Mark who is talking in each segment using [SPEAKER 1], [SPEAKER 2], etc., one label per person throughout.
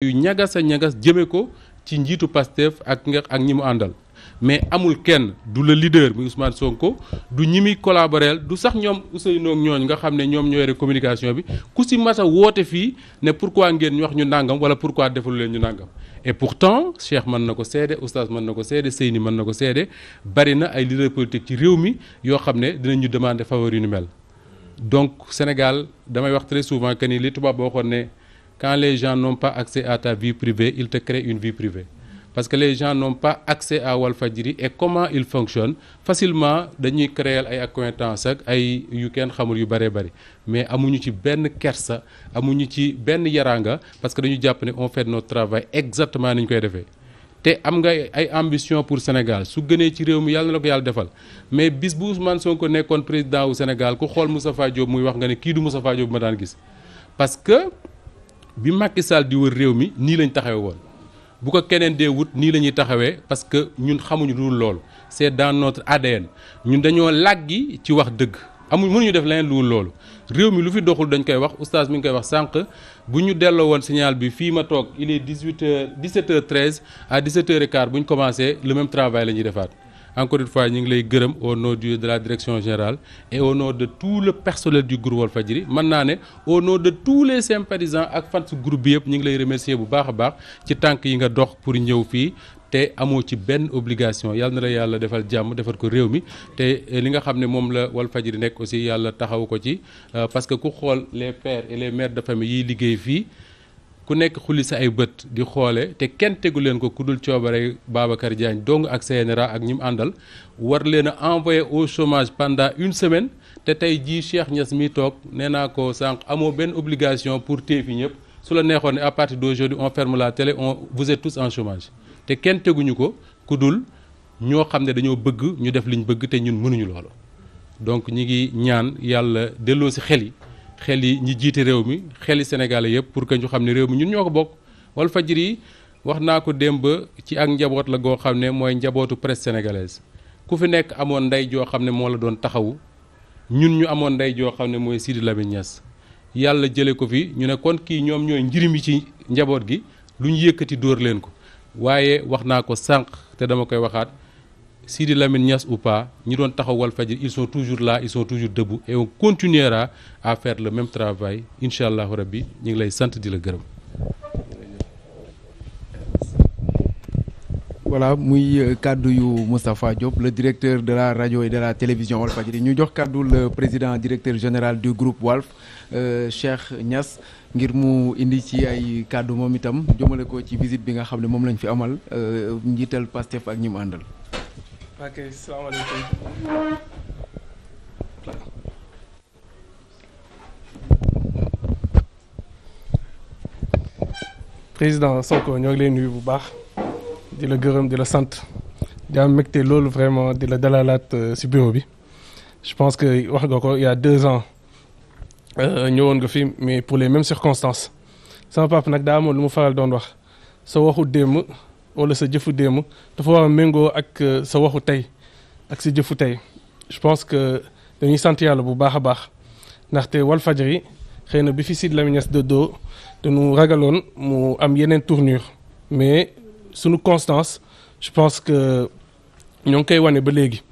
[SPEAKER 1] yu ñagas a ñagas jëme ko ci njiitu Pastef ak nga ak ñi mu àndal mais amul kenn du le leader muy Ousmane ko du ñi muy collaboreel du sax ñoom Ousseynou ak ñooñu nga xam ne ñoom ñoo yore communication bi ku si mas woote fii ne pourquoi ngeen ñu wax ñu nàngam wala pourquoi deful leen ñu nàngam et pourtant Cheikh mën na ko seede oustaz mën na ko seede Seyni mën na ko seede bari na ay leader politique ci réew mi yoo xam ne dinañ ñu demande faveur yu ni mel donc Sénégal damay wax très souvent ni quand les gens n'ont pas accès à ta vie privée ils te créent une vie privée parce que les gens n'ont pas accès à Walfadjri et comment il fonctionne facilement dañuy créer ay accointances ak ay yu kenn xamul yu bëree bëri mais amuñu ci benn kersa amuñu ci benn yaraanga parce que dañu jàpp ne on fait notre travail exactement ni ñu koy defee te am nga ay ambition pour Sénégal su gënee ci réew mi yàlla na la ko yàlla defal mais bis bu Ousmane Sonko nekkoon président wu Sénégal ku xool Moustapha Diop muy wax nga ne kii du Moustapha Diop ma daan gis bi Macky Sall di réew mi nii lañ taxawee woon bu ko keneen dee wut nii la ñuy taxawee parce que ñun xamuñu lu dul loolu c'est dans notre ADN ñun dañoo làggi ci wax dëgg amuñ mënuñu def leneen lu dul loolu réew mi lu fi doxul dañ koy wax oustaz mi ngi koy wax sànq bu ñu delloo woon signal bi fii ma toog il est 18 heures 17 heures 13 à 17 heures et quart bu ñu commencé le même travail la ñuy defaat. encore une fois ñu ngi lay gërëm au nom de la direction générale et au nom de tout le personnel du groupe Walfadjri mën naa ne au nom de tous les sympathisants ak fans groupe bi yëpp ñu ngi lay remercier bu baax a baax ci tànk yi nga dox pour ñëw fii te amoo ci benn obligation yàlla na la yàlla defal jàmm defal ko réew mi te eh, li nga xam ne moom la faj Walfadjri nekk aussi yàlla taxaw ko ci euh, parce que ku xool les pères et les mères de famille yiy liggéey fii ku nekk xulli sa ay bët di xoole te kenn tegu leen ko ku dul coobare Babacar Diagne dong ak CNRA ak ñi mu àndal war leen envoyé au chômage pendant une semaine te tey jii Cheikh Niass mi toog nee naa ko sànq amoo benn obligation pour téye fi ñëpp su la neexoon ne à partir d'aujourd'hui on ferme la télé on vous êtes tous en chômage te kenn teguñu ko ku dul ñoo xam ne dañoo bëgg ñu def liñ bëgg te ñun mënuñu loolu donc ñi ngi ñaan yàlla delloo si xel yi xel yi ñi jiite réew mi xeli Sénégalais yëpp pour que ñu xam ne réew mi ñun ñoo ko bokk Walfadjri yi wax naa ko démb ci ak njaboot la goo xam ne mooy njabootu presse sénégalaise ku fi nekk amoon ndey joo xam ne moo la doon taxawu ñun ñu amoon ndey joo xam ne mooy Sidi Lamine Niass yàlla jële ko fi ñu ne kon kii ñoom ñooy njirim yi ci njaboot gi lu ñu yëkkati dóor leen ko waaye wax naa ko sànq te dama koy waxaat Sidi Lamine Niass ou pas ñi doon taxaw Walfadjri ils toujours là ils toujours debout et on continuera à faire le même travail incha allahu rabbi ñu ngi lay sant di la gërëm. voilà muy euh, kàddu yu Moustapha Diop le directeur de la radio et de la télévision Walfadjri ñu jox kàddu le président directeur général du groupe Walf euh, Cheikh Niass ngir mu indi ci ay kàddu moom itam jëmale ko ci visite bi nga xam ne moom lañ fi amal euh, njiital Pastef ak ñi mu àndal.
[SPEAKER 2] ok salaamaaleykum. président Sonko ñoo ngi lay nuyu bu baax di la gërëm di la sant di am mbégte loolu vraiment di la dalalaat euh, ci bureau bi je pense que wax nga ko il y a deux ans euh, ñëwoon nga fi mais pour les mêmes circonstances sama papa nag daa amoon lu mu faral doon wax soo waxu démb. wala sa jëfu démb dafa war a méngoo ak euh, sa waxu tey ak sa jëfu tey je pense que dañuy sant yàlla bu baax a baax ndaxte wal Walfadjri xëy na bi fi Sidy Lamine Niass de doo dañu ragaloon mu am yeneen tournure mais sunu constance je pense que ñoo ngi koy wane ba léegi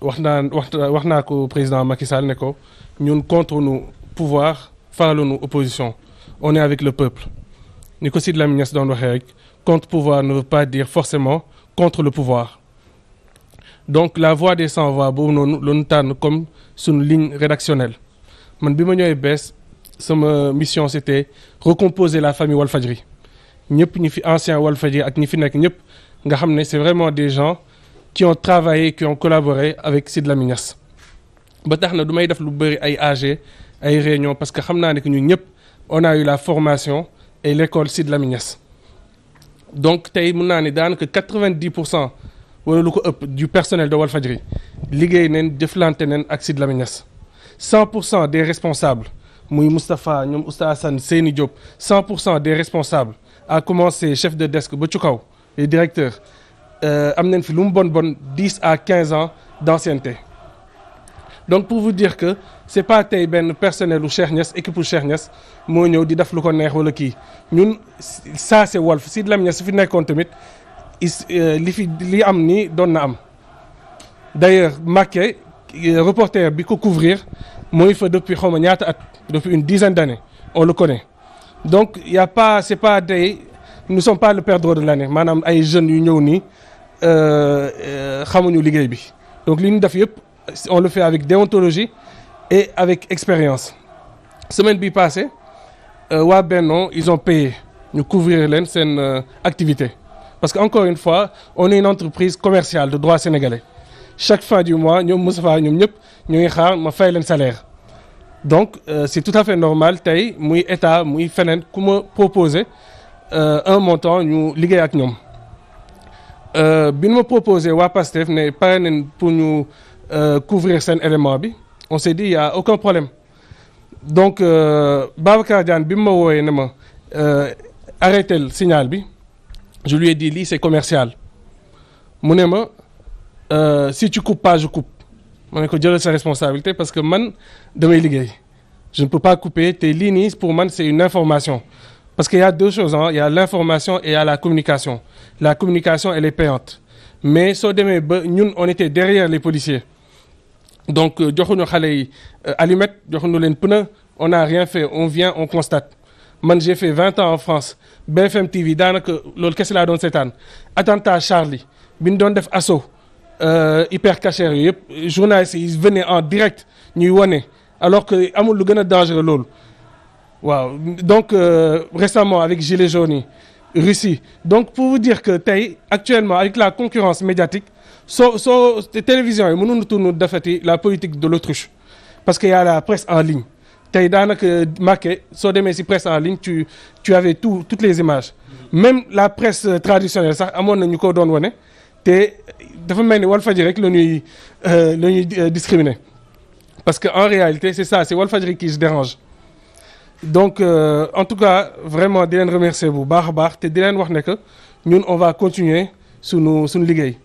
[SPEAKER 2] wax naa wax wax naa ko président Macky Sall ne ko ñun contre nu pouvoir faralu nu opposition on est avec le peuple ni ko Sidy Lamine Niass doon waxee rek contre pouvoir ne veut pas dire forcément contre le pouvoir donc la voix des sans voix boobu noonu la ñu tànn comme suñu ligne rédactionnelle man bi ma ñëwee bees sama mission c'était recomposer la famille Walfadjri ñëpp ñi fi ancien Walfadjri ak ñi fi nekk ñëpp nga xam ne c'est vraiment des gens qui ont travaillé qui ont collaboré avec Sidy Lamine Niass ba tax na du may def lu bëri ay age ay réunion parce que xam naa ne que ñëpp on a la formation et l'école Sidy Lamine Niass donc tey mun naa ni daanaka quatre-vingt-dix pour cent wala lu ko ëpp du personnel de Walfadjri liggéey neen jëflante neen ak Sidy Lamine cent pour cent des responsables muy Moustapha ñoom Oustaz Assane seeni Diop cent pour cent des responsables à commencer chef de desk ba ci kaw les directeurs euh, am nañ fi lu mu bon bon dix à quinze ans d'ancienneté donc pour vous dire que c'est pas tey benn personnel u Cheikh Niass équipe u Cheikh Niass moo ñëw di def lu ko neex wala kii ñun ça c'est Walf Sidy Lamine Niass su fi nekkoon tamit euh, li fi li am nii doon na am d'ailleurs Macky euh, reporter bi ko couvrir mooy fa depuis xaw ma ñaata at depuis une dizaine d'années on le connaît donc y pas c'est pas tey nous sommes pas le perdreau de l'année maanaam ay jeunes yu ñëw nii euh, xamuñu liggéey bi donc li ñu def yëpp Euh, on le fait avec déontologie et avec expérience semaine bi passée euh, waa Benno ils ont payé ñu couvrir leen seen euh, activité parce que encore une fois on est une entreprise commerciale de droit sénégalais chaque fin du mois ñoom Moustapha ñoom ñëpp ñu ngi xaar ma fay leen salaire donc euh, c'est tout à fait normal tey muy état muy feneen ku ma proposer euh, un montant ñu liggéey ak ñoom bi nu proposer waa PASTEF ne pare pour ñu. Euh, couvrir seen élément bi on s'est dit il y aucun problème donc euh, Babacar Diagne bi mu ma wooyee ne ma euh, arrêtel signal bi je lui ai dit lii c'est commercial mu ne ma si tu coupes pas je coupe ma ne ko jëlal sa responsabilité parce que man damay liggéey je ne peux pas couper te lii ni pour man c'est une information parce qu'il y a deux choses ah l'information et il la communication la communication elle est payante mais soo demee ba ñun on était derrière les policiers donc euh, joxuñu xale yi euh, allumette joxuñu leen pneu on n'a rien fait on vient on constate man j'ai fait vingt ans en France BFM TV daanaka loolu kese laa doon seetaan attentat Charlie bi ñu doon def assaut euh, hyper cachère yooyu yëpp journalistes yi venaient en direct ñuy wone alors que amul lu gën a dangereux loolu waaw donc euh, récemment avec gilets jaunes yi Russie donc pour vous dire que tey actuellement avec la concurrence médiatique soo soo télévision yi mënuñu tourner defati la politique de l'autruche parce que y a la presse en ligne tey daanak euh, marqué soo demee si presse en ligne tu tu avais tout toutes les images même la presse euh, traditionnelle sax amoon na ñu ko doon wane te dafa mel ni Walfadjri rek la ñuy euh, la ñuy discriminer parce que en réalité c'est ça c'est Walfadjri qui se dérange donc en tout cas vraiment di leen remercier bu baax a baax te di leen wax ne que ñun on va continuer sunu sunu liggéey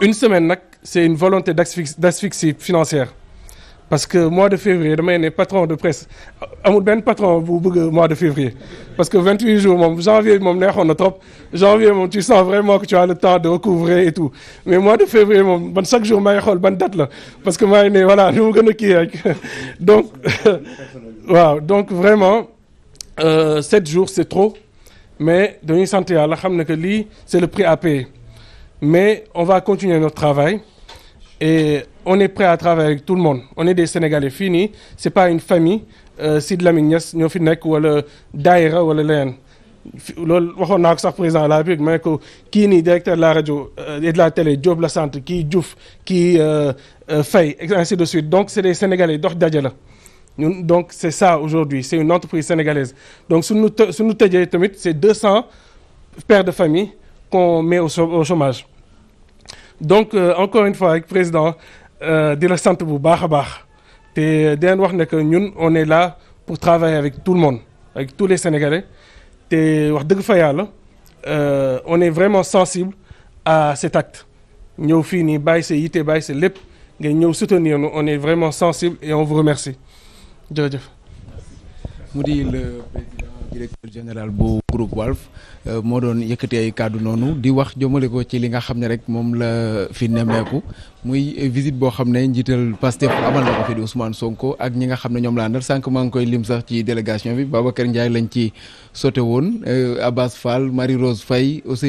[SPEAKER 2] une semaine nag c'est une volonté d'asphyxie d'asphyxie financière parce que mois de février damay ne de presse amul benn patron bu de février parce que 28 jours moom janvier moom neexoon na trop janvier moom tu sens vraiment que tu as le temps de recouvrer et tout mois de février moom man chaque jour maa ngi xool ban date la parce que maa a kii rek donc vraiment euh, sept jours c'est trop mais dañuy sant yàlla xam ne que lii c'est le prix à Mais on va continuer notre travail et on est prêt à travailler avec tout le monde on est des Sénégalais fii nii c'est pas une famille euh, Sidy Lamine Niass ñoo fi nekk wala daayira wala leneen loolu waxoon naa ko sax président de la République ma kii nii directeur de la rajo euh, et de la télé Diop la sant kii Diouf kii euh, Faye et ainsi de suite donc c'est des Sénégalais dox daje la ñun donc c'est ça aujourd'hui c'est une entreprise sénégalaise donc suñu suñu tëjee tamit c'est deux cents pères de famille qu'on met au chômage donc euh, encore une fois ak président euh, di la sant bu baax a baax te di leen wax ne que ñun on est là pour travailler avec tout le monde avec tous les Sénégalais te wax dëgg fa yàlla euh, on est vraiment sensible à cet acte ñëw fii nii bàyyi sa yite bàyyi sa lépp nga ñëw soutenir nous on est vraiment sensible et on vous remercie jërëjëf di
[SPEAKER 1] directeur général bu groupe Walf euh, moo doon yëkkati ay kàddu noonu di wax jëmale ko ci li nga xam ne rek moom la fi nemmeeku muy visite boo xam ne njiital Pastef amal na ko fi di Ousmane Sonko ak ñi nga xam ne ñoom laa àndal sànq maa ngi koy lim sax ci délégation bi Babacar Ndiaye lañ ci sote woon euh, Abbas Fall Marie Rose Faye Ousseynou